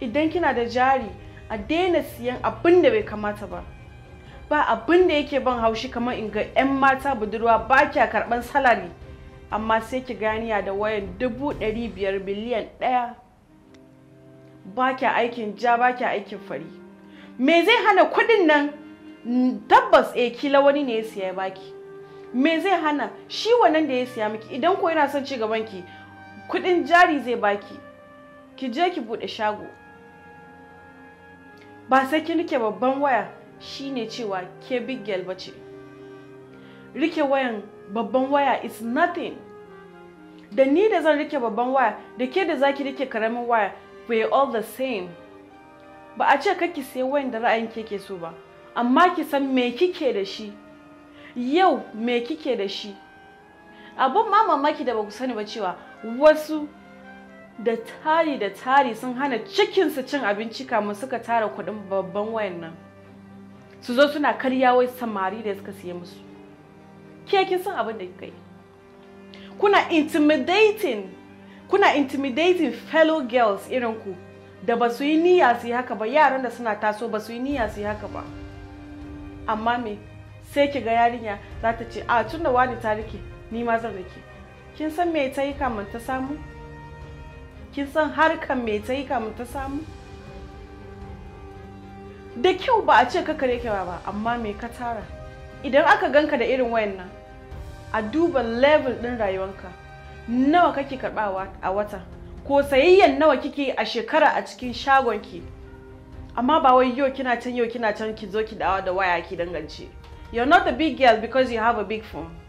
idan kina da jari a daina siyan abin da bai kamata ba ba abin da yake ban haushi kamar in ga 'yan mata budurwa ba kya karban salari amma sai ki ganiya da wayan dubu ɗari biyar biliyan ɗaya ba kya aikin ja ba kya aikin fari me zai hana kuɗin nan mm, tabbas e kila wani ne ya siya baki me zai hana shi wannan da ya siya miki idan ko yana son ci gaban ki kuɗin jari zai baki ki je ki buɗe shago ba sai kin rike babban waya shine cewa ke big girl bace rike wayan babban waya is nothing da ni da zan rike babban waya da ke da zaki rike karamin waya we all the same ba a ce kake sai wayan da ra'ayin ke ke so ba amma ki san me kike da shi yau me kike da shi abun ma mamaki da ba ku sani ba cewa wasu da tari da tari sun hana cikinsu cin abinci kamun suka tara kudin babban wayan nan su zo suna karya wai samari da suka siya musu ke kin san abin da kai kuna intimidating kuna intimidating fellow girls irin ku da ba su yi niyya su yi haka ba yaran da suna taso ba su yi niyya su yi haka ba amma me sai ki ga yarinya za ta ce a ah, tun da wani ta rike ni ma zan rike kin san me ta yi kamun ta samu kin san harkan me ta yi kamun ta samu da kyau ba a ce ka kare ka ba amma me ka tara idan aka ganka da irin wayannan a duba level din rayuwanka nawa kake karbawa a wata ko sayayyan nawa kike a shekara a cikin shagon ki? amma ba wai yau kina can yau kina can ki zo ki dawo da waya ki dangance you're not a big girl because you have a big phone